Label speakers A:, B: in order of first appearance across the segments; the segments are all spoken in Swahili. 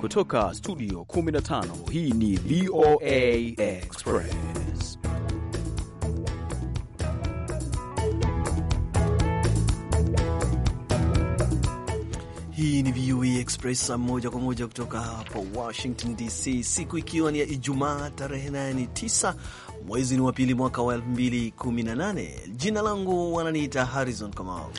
A: Kutoka studio 15 hii ni VOA Express. Hii ni VOA Express moja kwa moja kutoka hapa Washington DC, siku ikiwa ni ya Ijumaa tarehe 9 mwezi ni wa pili mwaka wa 2018. Jina
B: langu wananiita Harrison Kamau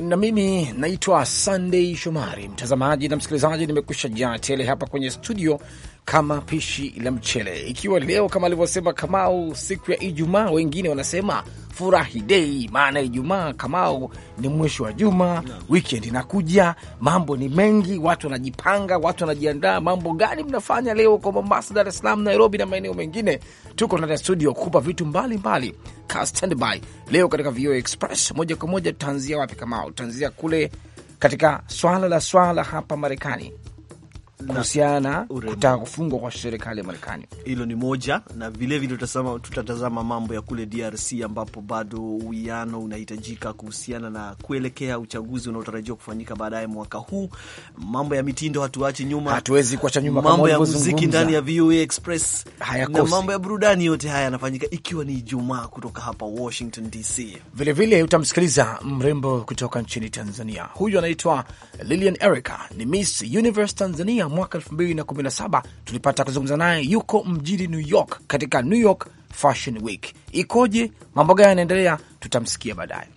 B: na mimi naitwa Sunday Shomari. Mtazamaji na msikilizaji, nimekusha jaa tele hapa kwenye studio kama pishi la mchele, ikiwa leo kama alivyosema Kamau siku ya Ijumaa, wengine wanasema furahi dei, maana Ijumaa kamao ni mwisho wa juma, weekend inakuja, mambo ni mengi, watu wanajipanga, watu wanajiandaa. Mambo gani mnafanya leo kwa Mombasa, Dar es Salaam, Nairobi na maeneo mengine? Tuko ndani ya studio kupa vitu mbalimbali ka standby leo katika VOA Express. Moja kwa moja, tutaanzia wapi kamao? Tutaanzia kule katika swala la swala hapa Marekani kuhusiana na kutaka kufungwa kwa serikali ya Marekani.
A: Hilo ni moja, na vilevile tutatazama tutatazama mambo ya kule DRC ambapo bado uwiano unahitajika kuhusiana na kuelekea uchaguzi unaotarajiwa kufanyika baadaye mwaka huu. Mambo ya mitindo hatuachi nyuma, hatuwezi kuacha nyuma. Mambo ya muziki ndani ya VOA Express
B: na mambo ya burudani, yote haya yanafanyika ikiwa ni Ijumaa kutoka hapa Washington DC. Vilevile utamsikiliza mrembo kutoka nchini Tanzania, huyu anaitwa Lilian Erica, ni Miss Universe Tanzania mwaka elfu mbili na na kumi saba tulipata kuzungumza naye, yuko mjini New York katika New York Fashion Week. Ikoje, mambo gani yanaendelea? Tutamsikia baadaye.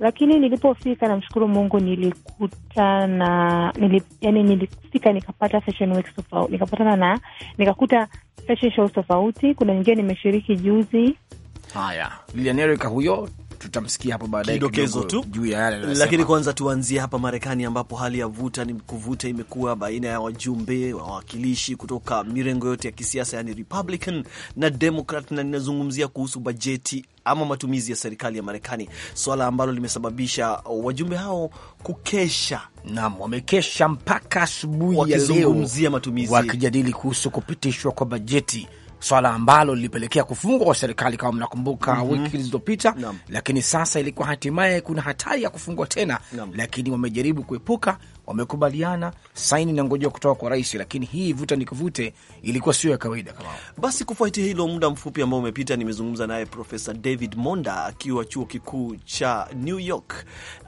C: Lakini nilipofika, namshukuru Mungu, nilikuta na nilip, yani nilifika nikapata fashion weeks tofauti, nikapatana na nikakuta fashion shows tofauti. Kuna nyingine nimeshiriki juzi.
B: Haya, Lilian Erica huyo
A: tutamsikia hapo baadaye kidokezo tu
B: juu ya yale, lakini
A: kwanza tuanzie hapa Marekani, ambapo hali ya vuta ni kuvuta imekuwa baina ya wajumbe wawakilishi kutoka mirengo yote ya kisiasa, yani Republican na Democrat, na ninazungumzia kuhusu bajeti ama matumizi ya serikali ya Marekani, swala ambalo limesababisha wajumbe hao kukesha. Naam,
B: wamekesha mpaka asubuhi ya leo wakizungumzia matumizi, wakijadili kuhusu kupitishwa kwa bajeti swala ambalo lilipelekea kufungwa kwa serikali kama mnakumbuka, mm -hmm. wiki zilizopita Lakini sasa ilikuwa hatimaye kuna hatari ya kufungwa tena Nam. Lakini wamejaribu kuepuka wamekubaliana, saini inangojewa kutoka kwa rais, lakini hii vuta ni kuvute ilikuwa sio ya kawaida kama.
A: Basi kufuatia hilo, muda mfupi ambao umepita, nimezungumza naye Profesa David Monda akiwa chuo kikuu cha New York,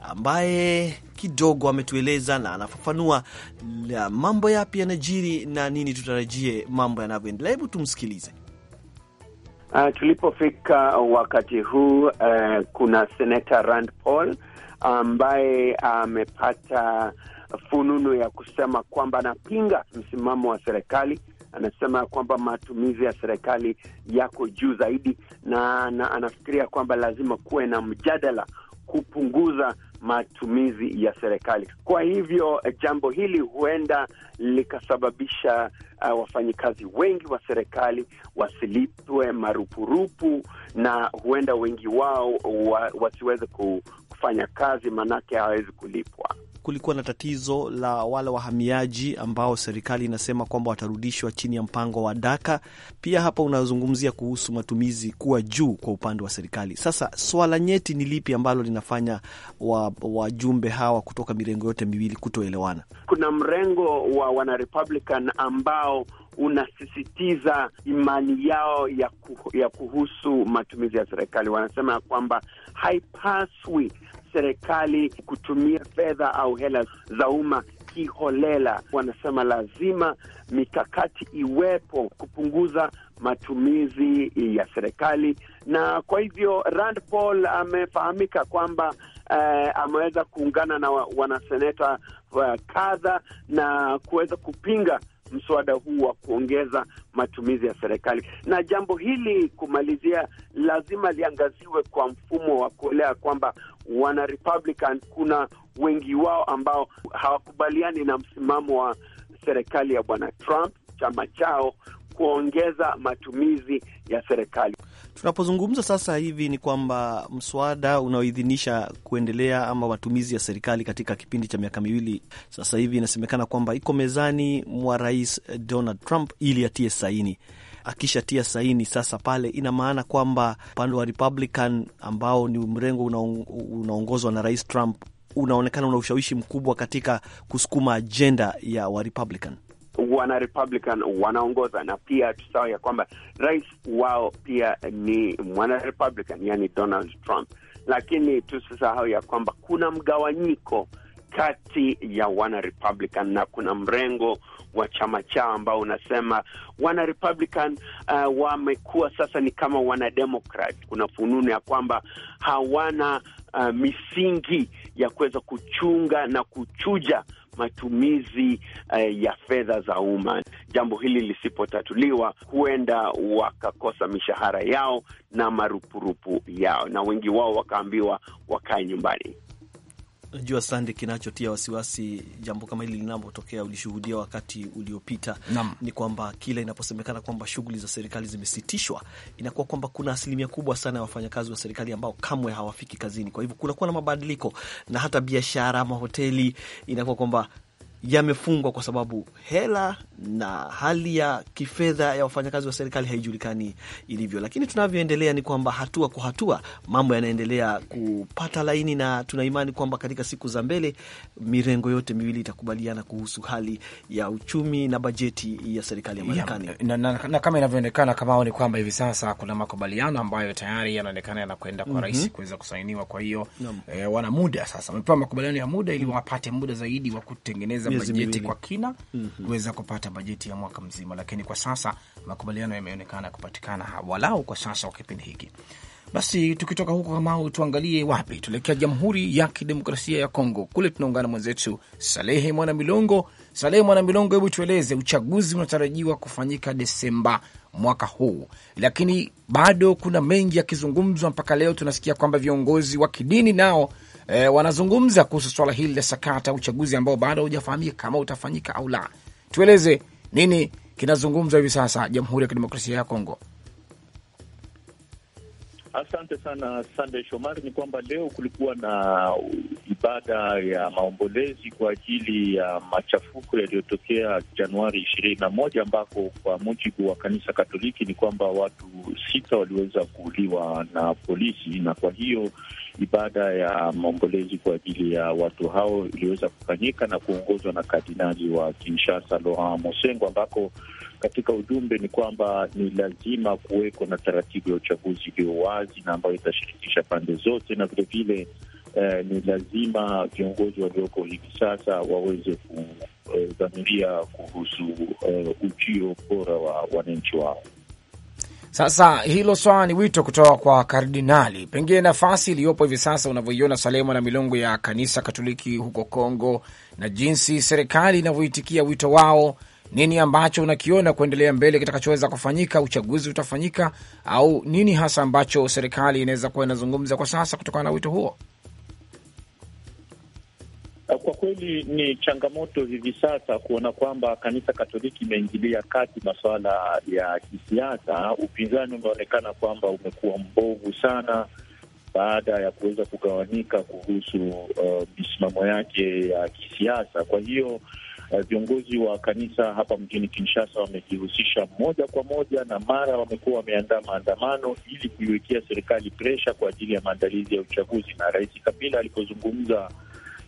A: ambaye kidogo ametueleza na anafafanua mambo yapi yanajiri na nini tutarajie mambo yanavyoendelea. Hebu tumsikilize.
D: Uh, tulipofika wakati huu uh, kuna Senata Rand Paul ambaye amepata uh, fununu ya kusema kwamba anapinga msimamo wa serikali. Anasema kwamba matumizi ya serikali yako juu zaidi, na, na anafikiria kwamba lazima kuwe na mjadala kupunguza matumizi ya serikali. Kwa hivyo eh, jambo hili huenda likasababisha uh, wafanyikazi wengi wa serikali wasilipwe marupurupu na huenda wengi wao wa, wasiweze kufanya kazi, maanake hawawezi kulipwa
A: kulikuwa na tatizo la wale wahamiaji ambao serikali inasema kwamba watarudishwa chini ya mpango wa Daka. Pia hapa unazungumzia kuhusu matumizi kuwa juu kwa upande wa serikali. Sasa swala nyeti ni lipi ambalo linafanya wajumbe wa hawa kutoka mirengo yote miwili kutoelewana?
D: Kuna mrengo wa wanarepublican ambao unasisitiza imani yao ya, ku, ya kuhusu matumizi ya serikali. Wanasema ya kwamba haipaswi serikali kutumia fedha au hela za umma kiholela. Wanasema lazima mikakati iwepo kupunguza matumizi ya serikali, na kwa hivyo Rand Paul amefahamika kwamba eh, ameweza kuungana na wanaseneta eh, kadha na kuweza kupinga mswada huu wa kuongeza matumizi ya serikali. Na jambo hili kumalizia, lazima liangaziwe kwa mfumo wa kuelewa kwamba wana Republican kuna wengi wao ambao hawakubaliani na msimamo wa serikali ya bwana Trump, chama chao kuongeza matumizi ya serikali.
A: Tunapozungumza sasa hivi ni kwamba mswada unaoidhinisha kuendelea ama matumizi ya serikali katika kipindi cha miaka miwili sasa hivi inasemekana kwamba iko mezani mwa Rais Donald Trump ili atie saini. Akishatia saini sasa pale, ina maana kwamba upande wa Republican ambao ni mrengo unaongozwa na Rais Trump unaonekana una ushawishi mkubwa katika kusukuma ajenda ya wa Republican
D: wana Republican wanaongoza, na pia tusahau ya kwamba rais wao pia ni mwana Republican, yani Donald Trump. Lakini tusisahau ya kwamba kuna mgawanyiko kati ya wana Republican na kuna mrengo wa chama chao ambao unasema wana Republican uh, wamekuwa sasa ni kama wana Democrat. Kuna fununu ya kwamba hawana uh, misingi ya kuweza kuchunga na kuchuja matumizi eh, ya fedha za umma. Jambo hili lisipotatuliwa, huenda wakakosa mishahara yao na marupurupu yao, na wengi wao wakaambiwa wakae nyumbani.
A: Najua sande, kinachotia wasiwasi jambo kama hili linapotokea, ulishuhudia wakati uliopita, ni kwamba kila inaposemekana kwamba shughuli za serikali zimesitishwa, inakuwa kwamba kuna asilimia kubwa sana ya wafanyakazi wa serikali ambao kamwe hawafiki kazini. Kwa hivyo kunakuwa na mabadiliko, na hata biashara, mahoteli, inakuwa kwamba yamefungwa kwa sababu hela na hali ya kifedha ya wafanyakazi wa serikali haijulikani ilivyo. Lakini tunavyoendelea ni kwamba hatua kwa hatua mambo yanaendelea kupata laini, na tunaimani kwamba katika siku za mbele mirengo yote miwili itakubaliana
B: kuhusu hali ya uchumi na bajeti ya serikali ya Marekani. Na, na, na, na kama inavyoonekana kama ni kwamba hivi sasa kuna makubaliano ambayo tayari yanaonekana yanakwenda kwa mm -hmm. rais kuweza kusainiwa. Kwa hiyo eh, wana muda sasa, wamepewa makubaliano ya muda ili wapate muda zaidi wa kutengeneza bajeti miwili kwa kina mm -hmm. kuweza kupata bajeti ya mwaka mzima, lakini kwa sasa makubaliano yameonekana kupatikana walau kwa sasa kwa kipindi hiki. Basi tukitoka huko, Kamau, tuangalie wapi tuelekea. Jamhuri ya Kidemokrasia ya Kongo, kule tunaungana mwenzetu Salehe Mwana Milongo. Salehe Mwana Milongo, hebu tueleze, uchaguzi unatarajiwa kufanyika Desemba mwaka huu, lakini bado kuna mengi yakizungumzwa mpaka leo. Tunasikia kwamba viongozi wa kidini nao e, wanazungumza kuhusu swala hili la sakata uchaguzi ambao bado haujafahamika kama utafanyika au la. Tueleze nini kinazungumzwa hivi sasa Jamhuri ya Kidemokrasia ya Kongo.
E: Asante sana Sande Shomari. Ni kwamba leo kulikuwa na ibada ya maombolezi kwa ajili ya machafuko yaliyotokea Januari ishirini na moja ambako kwa mujibu wa kanisa Katoliki ni kwamba watu sita waliweza kuuliwa na polisi, na kwa hiyo ibada ya maombolezi kwa ajili ya watu hao iliweza kufanyika na kuongozwa na kardinali wa Kinshasa Laurent Mosengo, ambako katika ujumbe ni kwamba ni lazima kuweko na taratibu ya uchaguzi iliyo wazi na ambayo itashirikisha pande zote, na vilevile eh, ni lazima viongozi walioko hivi sasa waweze kudhamiria eh, kuhusu eh, ujio bora wa wananchi wao.
B: Sasa hilo swala ni wito kutoka kwa kardinali, pengine nafasi iliyopo hivi sasa unavyoiona Salema na milongo ya kanisa Katoliki huko Kongo na jinsi serikali inavyoitikia wito wao, nini ambacho unakiona kuendelea mbele kitakachoweza kufanyika? Uchaguzi utafanyika au nini hasa ambacho serikali inaweza kuwa inazungumza kwa sasa kutokana na wito huo?
E: Eh, kwa kweli ni changamoto hivi sasa kuona kwamba kanisa Katoliki imeingilia kati masuala ya kisiasa. Upinzani umeonekana kwamba umekuwa mbovu sana baada ya kuweza kugawanyika kuhusu uh, misimamo yake ya kisiasa. Kwa hiyo eh, viongozi uh, wa kanisa hapa mjini Kinshasa wamejihusisha moja kwa moja, na mara wamekuwa wameandaa maandamano ili kuiwekea serikali presha kwa ajili ya maandalizi ya uchaguzi, na Rais Kabila alipozungumza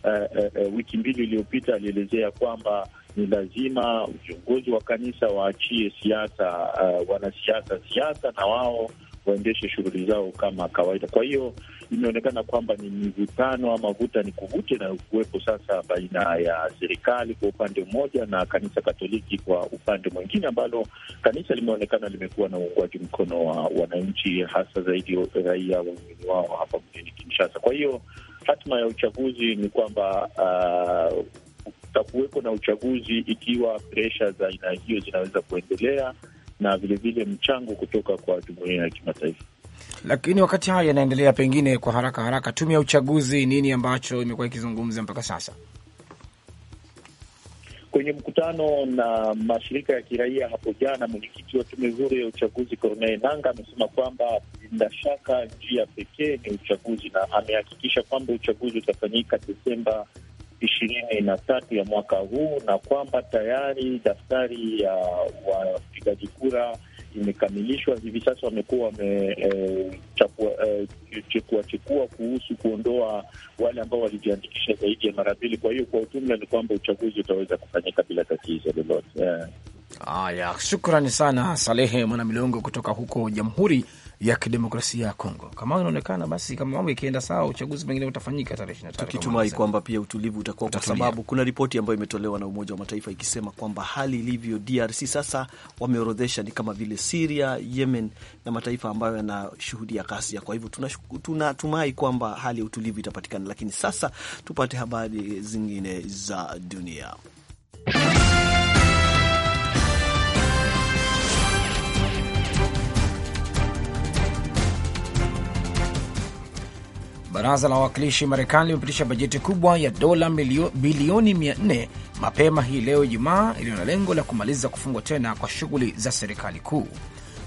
E: uh, uh, wiki mbili iliyopita alielezea kwamba ni lazima viongozi wa kanisa waachie siasa, uh, wanasiasa siasa, na wao waendeshe shughuli zao kama kawaida. Kwa hiyo imeonekana kwamba ni mivutano ama vuta ni kuvute na kuwepo sasa baina ya serikali kwa upande mmoja na kanisa Katoliki kwa upande mwingine, ambalo kanisa limeonekana limekuwa na uungwaji mkono wa wananchi, hasa zaidi raia waumini wao hapa mjini Kinshasa. Kwa hiyo hatma ya uchaguzi ni kwamba kutakuweko uh, na uchaguzi ikiwa presha za aina hiyo zinaweza kuendelea na vilevile mchango kutoka kwa jumuiya ya kimataifa.
B: Lakini wakati haya yanaendelea, pengine kwa haraka haraka, tume ya uchaguzi, nini ambacho imekuwa ikizungumza mpaka sasa
E: kwenye mkutano na mashirika ya kiraia hapo jana? Mwenyekiti wa tume huru ya uchaguzi Corneille Nangaa amesema kwamba bila shaka njia pekee ni uchaguzi, na amehakikisha kwamba uchaguzi utafanyika Desemba ishirini na tatu ya mwaka huu na kwamba tayari daftari ya wapigaji kura imekamilishwa. Hivi sasa wamekuwa wamechekuachekua eh, e, eh, e, kuhusu kuondoa wale ambao walijiandikisha zaidi ya mara mbili. Kwa hiyo kwa ujumla ni kwamba uchaguzi utaweza kufanyika bila tatizo lolote.
B: Haya, yeah. Shukrani sana Salehe Mwanamilongo kutoka huko Jamhuri ya kidemokrasia ya Kongo. Kama inaonekana basi, kama mambo ikienda sawa, uchaguzi pengine utafanyika tarehe ishirini na tukitumai kwamba
A: pia utulivu utakuwa, kwa sababu kuna ripoti ambayo imetolewa na Umoja wa Mataifa ikisema kwamba hali ilivyo DRC sasa wameorodhesha ni kama vile Siria, Yemen na mataifa ambayo yanashuhudia ghasia. Kwa hivyo tunatumai kwamba hali ya utulivu itapatikana, lakini sasa tupate habari zingine za dunia.
B: Baraza la Wawakilishi Marekani limepitisha bajeti kubwa ya dola bilioni 400 mapema hii leo Ijumaa, iliyo na lengo la kumaliza kufungwa tena kwa shughuli za serikali kuu.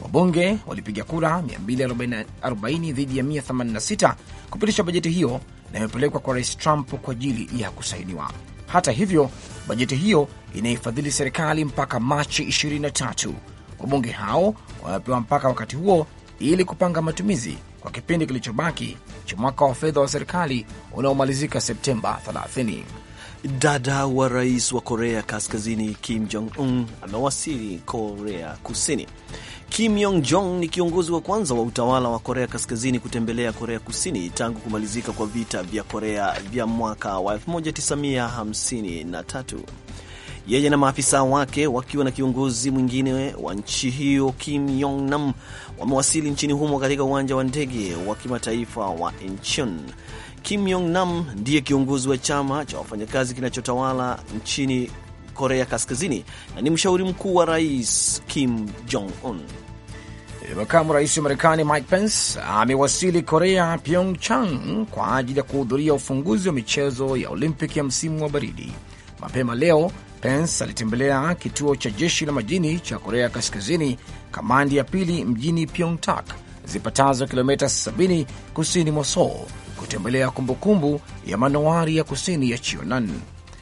B: Wabunge walipiga kura 240 dhidi ya 186 kupitisha bajeti hiyo na imepelekwa kwa Rais Trump kwa ajili ya kusainiwa. Hata hivyo, bajeti hiyo inaifadhili serikali mpaka Machi 23. Wabunge hao wamepewa mpaka wakati huo ili kupanga matumizi kwa kipindi kilichobaki cha mwaka wa fedha wa serikali unaomalizika Septemba 30. Dada wa rais wa
A: Korea Kaskazini Kim Jong Un amewasili Korea Kusini. Kim Yong Jong ni kiongozi wa kwanza wa utawala wa Korea Kaskazini kutembelea Korea Kusini tangu kumalizika kwa vita vya Korea vya mwaka wa 1953 yeye na maafisa wake wakiwa na kiongozi mwingine wa nchi hiyo Kim Yong Nam wamewasili nchini humo katika uwanja wa ndege wa kimataifa wa Incheon. Kim Yong Nam ndiye kiongozi wa chama cha wafanyakazi kinachotawala nchini
B: Korea Kaskazini na ni mshauri mkuu wa rais Kim Jong Un. Eh, makamu rais wa Marekani Mike Pence amewasili Korea Pyeongchang kwa ajili ya kuhudhuria ufunguzi wa michezo ya Olimpiki ya msimu wa baridi mapema leo. Pence alitembelea kituo cha jeshi la majini cha Korea Kaskazini, kamandi ya pili mjini Pyongtak, zipatazo kilomita 70 kusini mwa Seoul, kutembelea kumbukumbu -kumbu ya manowari ya kusini ya Cheonan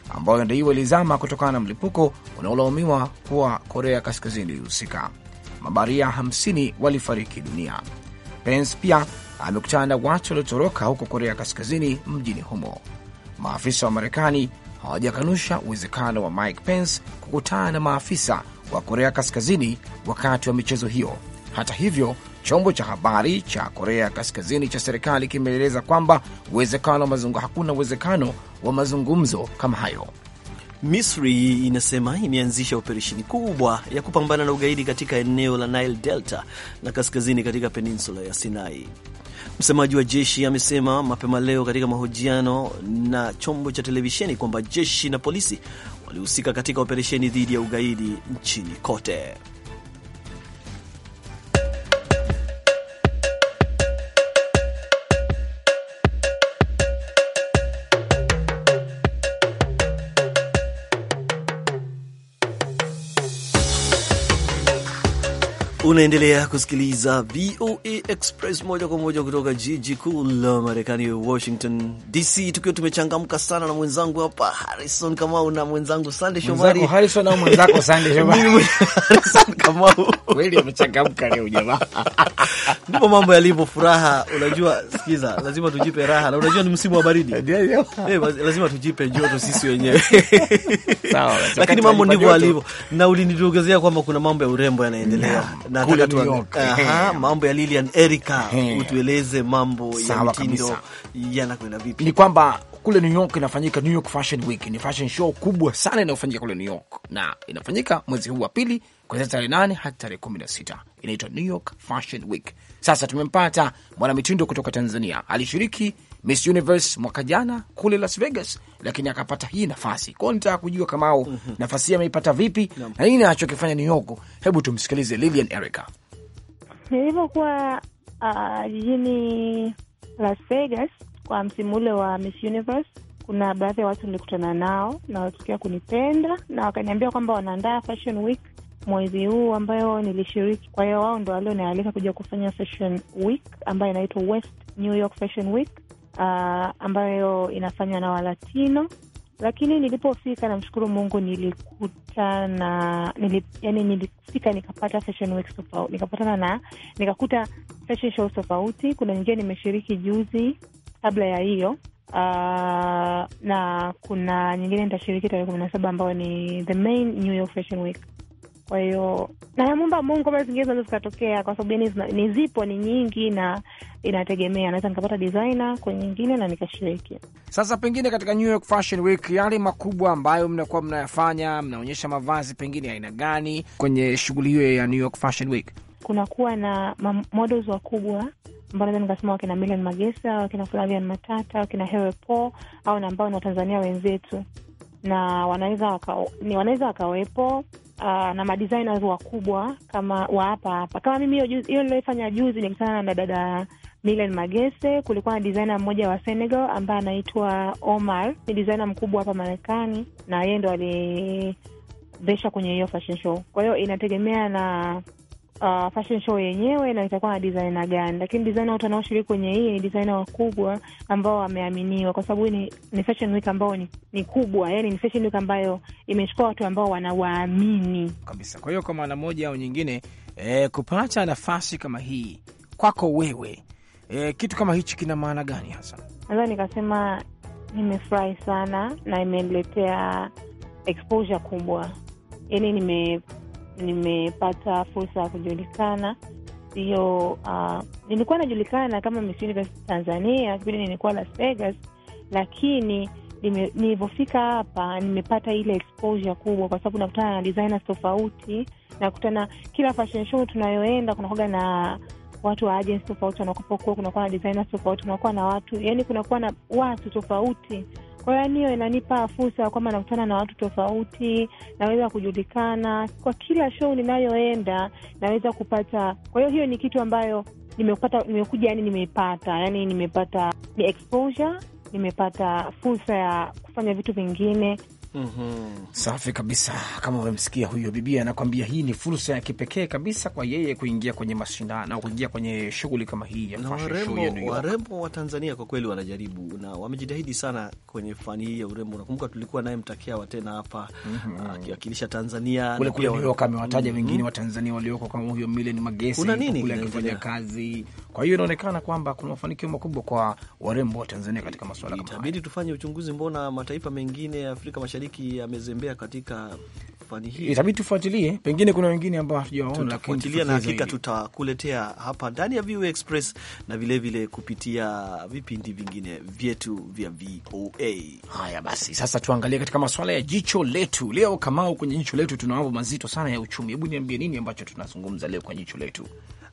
B: ambayo ndaiwa ilizama kutokana na mlipuko unaolaumiwa kuwa Korea Kaskazini ilihusika. Mabaria 50 walifariki dunia. Pence pia amekutana na watu waliotoroka huko Korea Kaskazini mjini humo. Maafisa wa Marekani hawajakanusha uwezekano wa Mike Pence kukutana na maafisa wa Korea Kaskazini wakati wa michezo hiyo. Hata hivyo, chombo cha habari cha Korea Kaskazini cha serikali kimeeleza kwamba uwezekano wa mazungumzo, hakuna uwezekano wa mazungumzo kama hayo.
A: Misri inasema imeanzisha operesheni kubwa ya kupambana na ugaidi katika eneo la Nile Delta na kaskazini katika peninsula ya Sinai. Msemaji wa jeshi amesema mapema leo katika mahojiano na chombo cha televisheni kwamba jeshi na polisi walihusika katika operesheni dhidi ya ugaidi nchini kote. Unaendelea kusikiliza VOA Express moja kwa moja kutoka jiji kuu la Marekani, Washington DC, tukiwa tumechangamka sana na mwenzangu hapa Harrison Kamau na mwenzangu Sande Shomari. Harrison au mwenzako Sande Shomari? Harrison Kamau kweli amechangamka leo jamaa, ndipo mambo yalivyo. Furaha, unajua, sikiza, lazima tujipe raha, na unajua ni msimu wa baridi hey, eh, lazima tujipe joto sisi wenyewe sawa, lakini mambo ndivyo alivyo, na ulinidokezea kwamba kuna mambo ya urembo yanaendelea kule New
D: York.
B: Aha, mambo ya Lilian Erica, utueleze mambo ya mtindo yanakwenda vipi? Ni kwamba kule New York inafanyika New York Fashion Week, ni fashion show kubwa sana inayofanyika kule New York na inafanyika mwezi huu wa pili kuanzia tarehe nane hadi tarehe kumi na sita. Inaitwa New York Fashion Week. Sasa tumempata mwanamitindo kutoka Tanzania alishiriki Miss Universe mwaka jana kule Las Vegas, lakini akapata hii nafasi kwao. Nitaka kujua au mm -hmm. nafasi hii ameipata vipi na nini anachokifanya New York? Hebu tumsikilize Lilian Erica.
C: Nilivyokuwa ah, jijini uh, Las Vegas kwa msimu ule wa Miss Universe, kuna baadhi ya watu nilikutana nao na watukia kunipenda na wakaniambia kwamba wanaandaa fashion week mwezi huu ambayo nilishiriki. Kwa hiyo wao ndo walionialika kuja kufanya fashion week ambayo inaitwa West New York Fashion Week uh, ambayo inafanywa na Walatino. Lakini nilipofika, namshukuru Mungu, na nili, yani nilifika nikapata fashion weeks tofauti, nikapatana na nikakuta fashion shows tofauti. Kuna nyingine nimeshiriki juzi kabla ya hiyo uh, na kuna nyingine nitashiriki tarehe kumi na saba ambayo ni the main New York Fashion Week. Kwa hiyo nayamwomba Mungu kama zingine zinaweza zikatokea, kwa sababu yani ni zipo ni nyingi, na inategemea, naweza nikapata designer kwa nyingine na nikashiriki.
B: Sasa pengine katika New York Fashion Week, yale makubwa ambayo mnakuwa mnayafanya, mnaonyesha mavazi pengine aina gani kwenye shughuli hiyo ya New York Fashion Week?
C: Kunakuwa na models wakubwa ambao naweza nikasema wakina Milan Magesa, wakina Flavian Matata, wakina Hewe Po au na ambao ni Watanzania wenzetu, na wanaweza wakawepo uh, na madesigners wakubwa kama wa hapa hapa kama mimi. Hiyo niliyoifanya juzi nikutana na dada Milen Magese. Kulikuwa na designer mmoja wa Senegal ambaye anaitwa Omar, ni designer mkubwa hapa Marekani, na yeye ndo ali kwenye hiyo fashion show. Kwa hiyo inategemea na uh, fashion show yenyewe na itakuwa na designer gani, lakini designer wote wanaoshiriki kwenye hii ni designer wakubwa ambao wameaminiwa, kwa sababu ni, ni fashion week ambayo ni, ni kubwa, yani ni fashion week ambayo imechukua watu ambao wanawaamini
B: kabisa. Kwa hiyo kwa maana moja au nyingine eh, kupata nafasi kama hii kwako wewe eh, kitu kama hichi kina maana gani hasa?
C: Naweza nikasema nimefurahi sana na imeniletea exposure kubwa, yani nime nimepata fursa ya kujulikana hiyo. Uh, nilikuwa najulikana kama Miss Universe Tanzania kipindi nilikuwa Las Vegas, lakini nilivyofika hapa nimepata ile exposure kubwa, kwa sababu nakutana na designers tofauti, nakutana kila fashion show tunayoenda kunakuwa na watu wa agency tofauti wanakuwa, kunakuwa na designers tofauti, kunakuwa na watu yani, kunakuwa na watu tofauti kwa hiyo yani hiyo inanipa fursa ya kwamba nakutana na watu tofauti, naweza kujulikana kwa kila show ninayoenda, naweza kupata. Kwa hiyo hiyo ni kitu ambayo nimepata, nimekuja yani nimepata yani nimepata exposure, nimepata fursa ya kufanya vitu vingine
B: Mm -hmm. Safi kabisa, kama umemsikia huyo bibi anakwambia, hii ni fursa ya kipekee kabisa kwa yeye kuingia kwenye mashindano au kuingia kwenye shughuli kama hii ya warembo.
A: Warembo wa Tanzania kwa kweli wanajaribu na wamejitahidi sana kwenye fani hii ya urembo. Nakumbuka tulikuwa naye mtakia tena hapa mhm. akiwakilisha Tanzania kule kule walioka amewataja mhm. wengine wa
B: Tanzania walioko kama huyo Milen Magesi kule akifanya kazi. Kwa hiyo inaonekana kwamba kuna mafanikio makubwa kwa warembo wa Tanzania katika masuala kama haya.
A: Itabidi tufanye uchunguzi, mbona mataifa mengine ya Afrika Mashariki Mashariki amezembea katika fani hii, itabidi
B: tufuatilie, pengine kuna wengine ambao hatujawaona, tutafuatilia na hakika
A: tutakuletea hapa ndani ya VOA Express na vilevile vile kupitia vipindi vingine
B: vyetu vya VOA. Haya basi, sasa tuangalie katika masuala ya jicho letu leo. Kamau, kwenye jicho letu tuna mambo mazito sana ya uchumi. Hebu niambie nini ambacho tunazungumza leo kwenye jicho letu?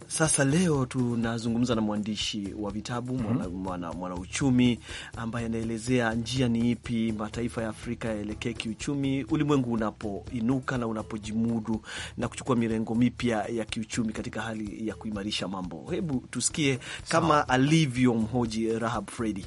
B: Sasa leo tunazungumza na mwandishi wa vitabu mwanauchumi mm -hmm. mwana, mwana
A: ambaye anaelezea njia ni ipi mataifa ya Afrika yaele ipelekee kiuchumi ulimwengu unapoinuka na unapojimudu na kuchukua mirengo mipya ya kiuchumi katika hali ya kuimarisha mambo. Hebu tusikie kama so, alivyo mhoji Rahab Fredi.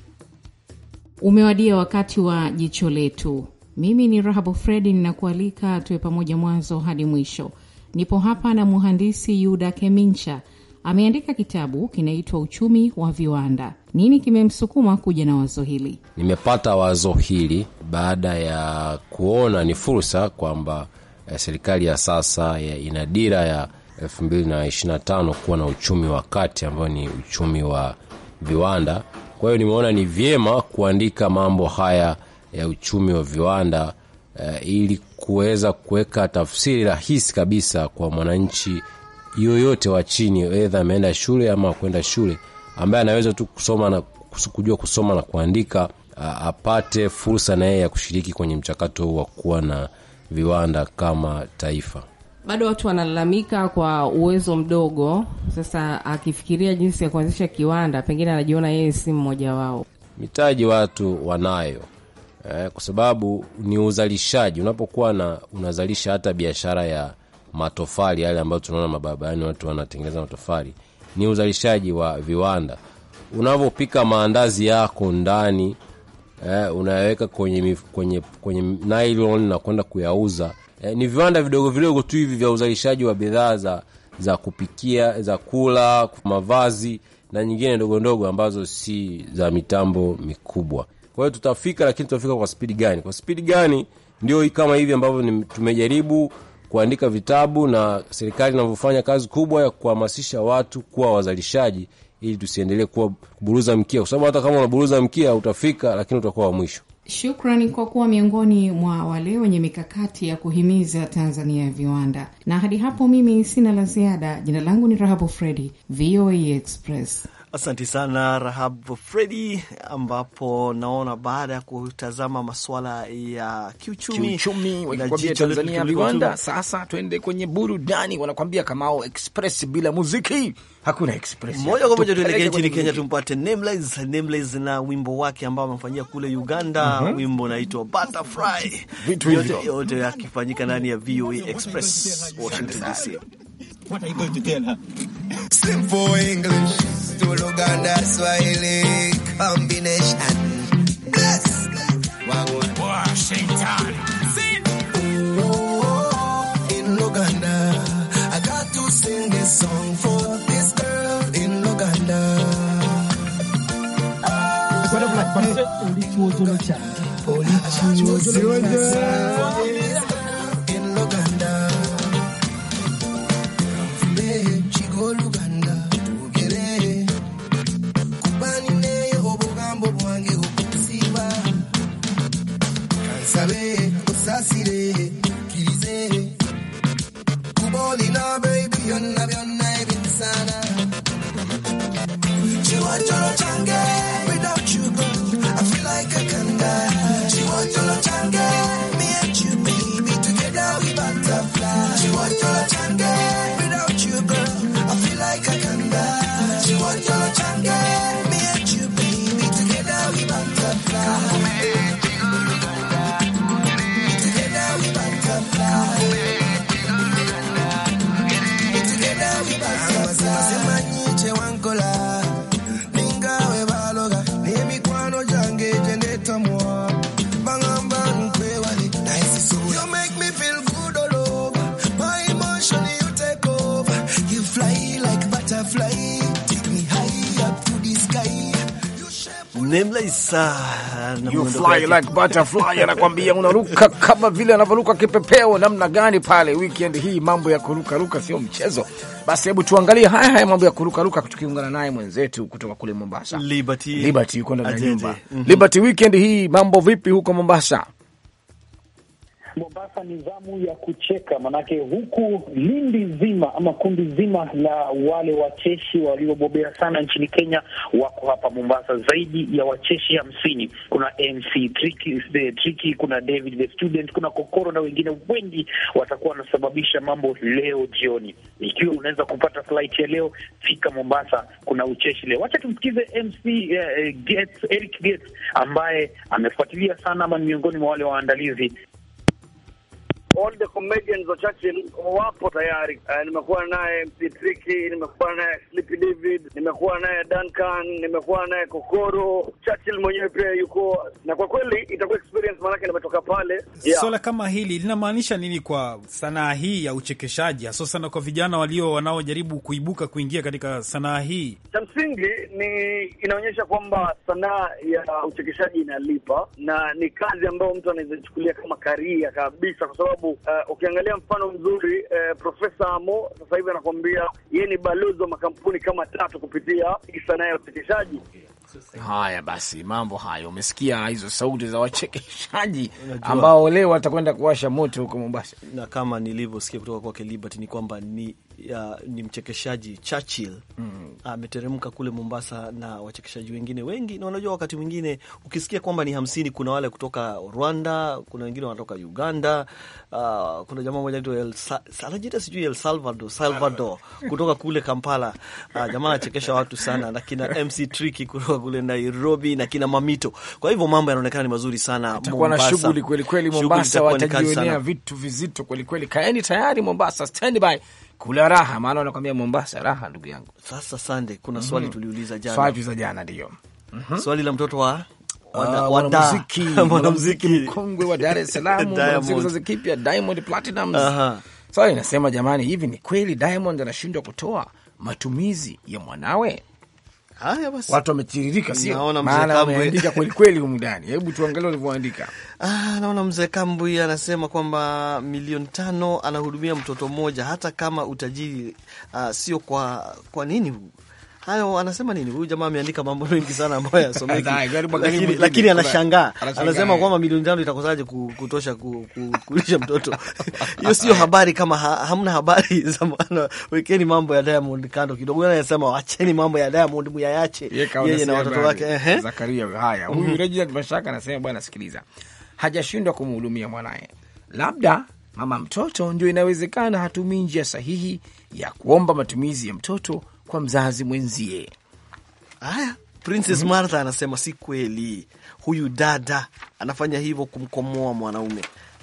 C: Umewadia wakati wa jicho letu. Mimi ni Rahabu Fredi, ninakualika tuwe pamoja mwanzo hadi mwisho. Nipo hapa na muhandisi Yuda Kemincha ameandika kitabu kinaitwa Uchumi wa Viwanda. Nini kimemsukuma kuja na wazo hili?
F: Nimepata wazo hili baada ya kuona ni fursa kwamba eh, serikali ya sasa ya ina dira ya 2025 kuwa na uchumi wa kati ambayo ni uchumi wa viwanda. Kwa hiyo nimeona ni vyema kuandika mambo haya ya uchumi wa viwanda uh, ili kuweza kuweka tafsiri rahisi kabisa kwa mwananchi yoyote wa chini, edha ameenda shule ama kwenda shule, ambaye anaweza tu kusoma na kujua kusoma na kuandika, apate fursa na yeye ya kushiriki kwenye mchakato huu wa kuwa na viwanda kama taifa.
C: Bado watu wanalalamika kwa uwezo mdogo. Sasa akifikiria jinsi ya kuanzisha kiwanda, pengine anajiona yeye si mmoja wao.
F: Mitaji watu wanayo eh, kwa sababu ni uzalishaji. Unapokuwa na unazalisha hata biashara ya matofali yale ambayo tunaona mabarabarani, watu wanatengeneza matofali, ni uzalishaji wa viwanda. Unavyopika maandazi yako ndani eh, unayaweka kwenye, kwenye, kwenye nylon na kwenda kuyauza eh, ni viwanda vidogo vidogo tu hivi vya uzalishaji wa bidhaa za, za kupikia, za kula, mavazi na nyingine ndogo ndogo ambazo si za mitambo mikubwa. Kwa hiyo tutafika, lakini tutafika kwa spidi gani? Kwa spidi gani? Ndio kama hivi ambavyo tumejaribu kuandika vitabu na serikali inavyofanya kazi kubwa ya kuhamasisha watu kuwa wazalishaji, ili tusiendelee kuwa kuburuza mkia, kwa sababu hata kama unaburuza mkia utafika, lakini utakuwa wa mwisho.
C: Shukrani kwa kuwa miongoni mwa wale wenye mikakati ya kuhimiza Tanzania ya viwanda. Na hadi hapo mimi sina la ziada. Jina langu ni Rahabu Fredi, VOA Express.
A: Asante sana Rahab Fredi,
B: ambapo naona baada ya kutazama masuala ya kiuchumi, kiuchumi wakikwambia Tanzania viwanda, sasa tuende kwenye burudani. Wanakwambia kamao express bila muziki hakuna express. Moja kwa moja tuelekee nchini Kenya
A: tumpate Nameless, Nameless na wimbo wake ambao amefanyia kule Uganda. mm -hmm. Wimbo unaitwa Butterfly. Vitu yote yakifanyika ndani ya VOA e Express Washington DC.
E: What are you going to tell her?
D: Simple English, to Luganda Swahili combination.
A: Bless. Washington. Oh, in Luganda, I got to sing this song for this girl in Luganda. What about my
B: kabisa. You fly like butterfly, anakwambia unaruka kama vile anavyoruka kipepeo. Namna gani pale! Weekend hii mambo ya kurukaruka sio mchezo. Basi hebu tuangalie haya haya mambo ya kurukaruka, tukiungana naye mwenzetu kutoka kule Mombasa, Liberty. Liberty yuko ndani ya nyumba. Mhm. Liberty, weekend hii mambo vipi huko Mombasa?
E: Mombasa ni zamu ya kucheka, manake huku lindi zima ama kundi zima la wale wacheshi waliobobea sana nchini Kenya wako hapa Mombasa, zaidi ya wacheshi hamsini. Kuna MC Tricky, Tricky, kuna David the Student, kuna Kokoro na wengine wengi watakuwa wanasababisha mambo leo jioni. Ikiwa unaweza kupata flight ya leo, fika Mombasa, kuna ucheshi leo. Wacha tumsikize MC uh, eh, eh, Gates, Eric Gates ambaye amefuatilia sana ama ni miongoni mwa wale waandalizi
D: all the comedians wachache wapo tayari. Uh, nimekuwa naye MC Tricky, nimekuwa naye Sleepy David, nimekuwa naye Duncan, nimekuwa naye Kokoro, Churchill mwenyewe pia yuko, na kwa kweli itakuwa experience, maanake nimetoka pale yeah.
B: Swala kama hili linamaanisha nini kwa sanaa hii ya uchekeshaji, hasa sana kwa vijana walio wanaojaribu kuibuka kuingia katika sanaa hii?
D: Cha msingi ni inaonyesha kwamba sanaa ya uchekeshaji inalipa na ni kazi ambayo mtu anaweza chukulia kama karia kabisa, kwa sababu uh, Ukiangalia mfano mzuri uh, Profesa Amo sasa hivi anakuambia yeye ni balozi wa makampuni kama tatu kupitia hii sanaa ya uchekeshaji.
B: Haya basi, mambo hayo. Umesikia hizo sauti za wachekeshaji ambao leo watakwenda kuwasha moto huko Mombasa, na kama nilivyosikia kutoka kwake Liberty ni kwamba ni ya, ni mchekeshaji
A: Churchill mm. ameteremka mm. kule Mombasa na wachekeshaji wengine wengi, na unajua wakati mwingine ukisikia kwamba ni hamsini, kuna wale kutoka Rwanda, kuna wengine wanatoka Uganda, uh, kuna jamaa moja anajita sijui El Salvador, Salvador kutoka kule Kampala. Uh, jamaa anachekesha watu sana, na kina MC Tricky kutoka kule Nairobi na kina Mamito. Kwa hivyo mambo yanaonekana ni mazuri
B: sana. Itakuwa na shughuli kwelikweli Mombasa, watajionea vitu vizito kwelikweli. Kaeni tayari Mombasa, standby kula raha, maana wanakwambia Mombasa raha, ndugu yangu. Sasa sande, kuna mhm. swali mm -hmm. tuliuliza jana, swali tuliuliza jana
A: ndio mm -hmm. swali la mtoto wa
B: ah, mwanamuziki mwanamuziki mkongwe wa Dar es Salaam, mwanamuziki kizazi kipya Diamond Platinum. Sasa inasema jamani, hivi ni kweli Diamond anashindwa kutoa matumizi ya mwanawe? Haya basi, watu wametiririka, sio maana wameandika kweli kweli humu ndani. Hebu tuangalie walivyoandika.
A: Ah, naona mzee Kambwi anasema kwamba milioni tano anahudumia mtoto mmoja, hata kama utajiri uh, sio kwa, kwa nini hayo anasema nini huyu jamaa? Ameandika mambo mengi sana ambayo yasomeki, lakini, lakini anashangaa anasema kwamba milioni tano itakosaje kutosha kulisha mtoto hiyo sio habari kama ha, hamna habari za maana. Wekeni mambo ya Diamond kando kidogo, anasema wacheni mambo ya Diamond muyayache yeye na watoto wake.
B: Zakaria haya, huyu mm Mashaka anasema bwana, sikiliza, hajashindwa kumhudumia mwanaye, labda mama mtoto ndio inawezekana hatumii njia sahihi ya kuomba matumizi ya mtoto kwa mzazi mwenzie. Haya, Princess mhm. Martha
A: anasema si kweli, huyu dada anafanya hivyo kumkomoa mwanaume.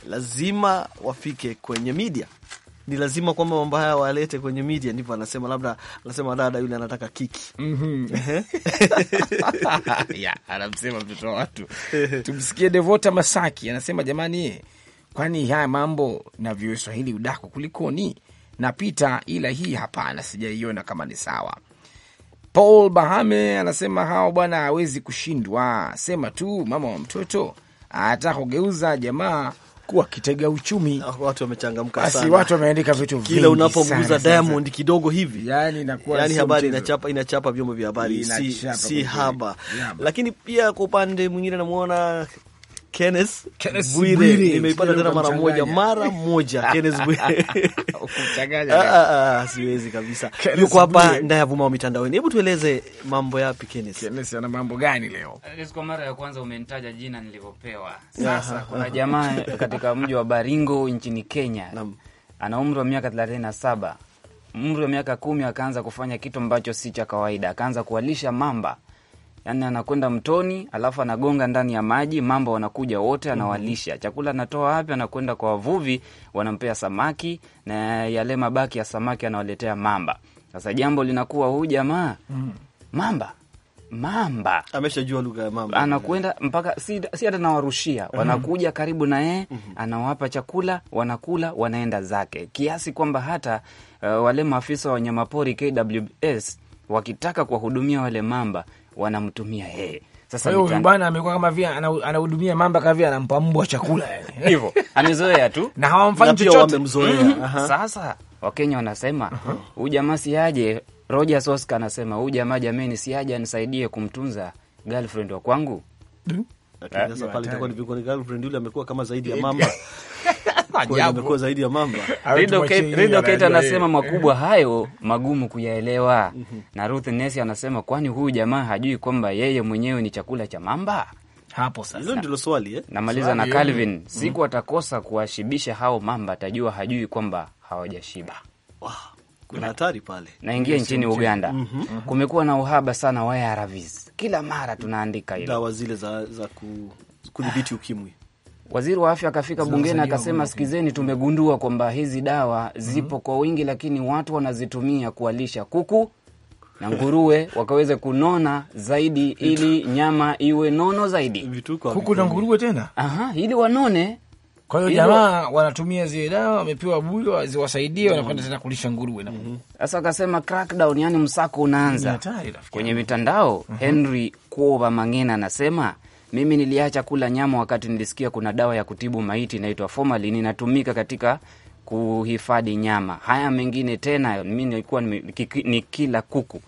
A: Lazima wafike kwenye media, ni lazima kwamba mambo haya walete kwenye media. Ndivyo anasema, labda anasema
B: dada yule anataka kiki. mm -hmm. yeah, anamsema mtoto wa watu. Tumsikie Devota Masaki anasema, jamani, kwani haya mambo na Swahili udako kulikoni? napita, ila hii hapana, sijaiona kama ni sawa. Paul Bahame anasema hawa bwana hawezi kushindwa, sema tu mama wa mtoto anataka kugeuza jamaa kuwa kitega uchumi. Ah, watu wamechangamka sana, basi watu wameandika vitu vingi. Kila unapomguza Diamond kidogo hivi, yani inakuwa
A: yani habari inachapa, inachapa vyombo vya habari si, si haba. Lakini pia kwa upande mwingine namuona Kenneth Bwire nimeipata tena mara moja, mara moja Kenneth Bwire
G: ah,
A: ah, ah, siwezi kabisa. Yuko hapa mitandaoni. Hebu tueleze mambo yapi Kenneth? Kenneth ana mambo gani leo?
G: Kwa mara ya kwanza umenitaja jina nilivyopewa. Sasa kuna jamaa katika mji wa Baringo nchini Kenya, ana umri wa miaka 37, umri wa miaka kumi, akaanza kufanya kitu ambacho si cha kawaida, akaanza kuwalisha mamba yani anakwenda mtoni, alafu anagonga ndani ya maji, mamba wanakuja wote, anawalisha mhm. chakula, anatoa wapi? Anakwenda kwa wavuvi, wanampea samaki, na yale mabaki ya samaki anawaletea mamba. Sasa jambo linakuwa huu jamaa mhm. mamba mamba ameshajua lugha ya mamba, anakwenda mpaka si hata nawarushia, mhm. wanakuja karibu na yeye, anawapa chakula, wanakula, wanaenda zake, kiasi kwamba hata uh, wale maafisa wa wanyamapori KWS wakitaka kuwahudumia wale mamba wanamtumia yeye. Sasa huyu bwana
B: amekuwa kama vile anahudumia mamba kama vile anampa mbwa chakula hivyo
G: amezoea tu na hawamfanyi chochote, wamemzoea. Mhm. Sasa Wakenya wanasema huyu jamaa siaje. Rogers Oscar anasema huyu jamaa jameni, siaje anisaidie kumtunza girlfriend wa kwangu. Lakini sasa pale itakuwa ni girlfriend yule amekuwa kama zaidi ya mamba imekuwa
A: zaidi ya mamba. Rido Kate anasema makubwa
G: hayo magumu kuyaelewa. Mhm. Na Ruth Nesi anasema kwani huyu jamaa hajui kwamba yeye mwenyewe ni chakula cha mamba?
A: Hapo sasa hilo ndilo swali eh? Namaliza na Calvin, mhm. siku
G: atakosa kuwashibisha hao mamba, atajua hajui kwamba hawajashiba. wow. Kuna hatari pale. Naingia nchini Uganda. mm -hmm. Kumekuwa na uhaba sana wa ARVs, kila mara tunaandika hilo, dawa zile za,
A: za kudhibiti ukimwi
G: Waziri wa afya akafika bungeni akasema, sikizeni, tumegundua kwamba hizi dawa zipo mhm. kwa wingi, lakini watu wanazitumia kuwalisha kuku na nguruwe wakaweze
B: kunona
G: zaidi, ili nyama iwe nono
B: zaidi. Kuku na nguruwe tena, aha, ili wanone. Kwa hiyo jamaa wanatumia zile dawa, wamepewa bure ziwasaidie, wanakwenda tena kulisha nguruwe. Mhm.
G: Sasa akasema crackdown, yani msako unaanza kwenye mitandao. Mhm. Henry Kuoba Mangena anasema mimi niliacha kula nyama wakati nilisikia kuna dawa ya kutibu maiti inaitwa formalin inatumika katika kuhifadhi nyama. Haya mengine tena, mi nilikuwa ni kila kuku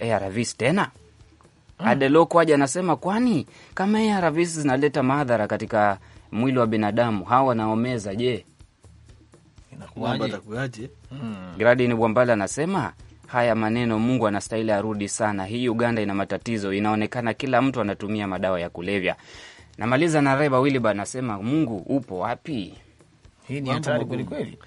G: ARVs eh, tena mm. Ah. Adelokwaja anasema kwani kama ARVs zinaleta madhara katika mwili wa binadamu, hawa wanaomeza je?
A: Inakuwaje?
G: Gradin anasema haya maneno, Mungu anastahili arudi sana. Hii Uganda ina matatizo, inaonekana kila mtu anatumia madawa ya kulevya. Namaliza na Reba Wiliba anasema Mungu upo wapi? Hii ni hatari kwelikweli.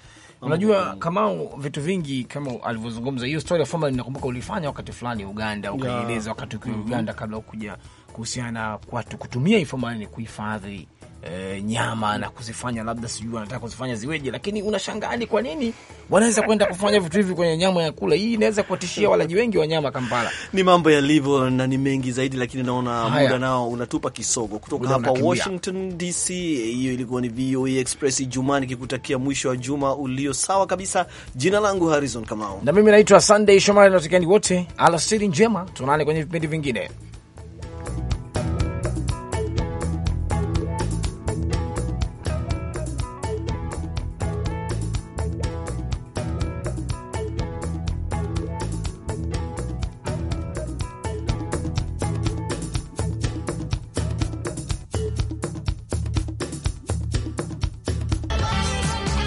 B: Unajua Kamau, vitu vingi kama alivyozungumza hiyo stori ya fomula, ninakumbuka ulifanya wakati fulani Uganda, ukaieleza wakati ukiwa mm-hmm. Uganda kabla ukuja kuhusiana na watu kutumia hii ni kuhifadhi e, nyama na kuzifanya labda sijui wanataka kuzifanya ziweje, lakini unashangaa ni kwa nini wanaweza kwenda kufanya vitu hivi kwenye nyama ya kula. Hii inaweza kuwatishia walaji wengi wa nyama Kampala.
A: Ni mambo yalivyo na ni mengi zaidi, lakini naona muda nao unatupa
B: kisogo. Kutoka muda hapa mnakimbia.
A: Washington DC, hiyo ilikuwa ni VOA Express Ijumaa, nikikutakia mwisho wa juma ulio sawa kabisa. Jina langu Harrison Kamau
B: na mimi naitwa Sunday Shomari, natakieni wote alasiri njema, tuonane kwenye vipindi vingine.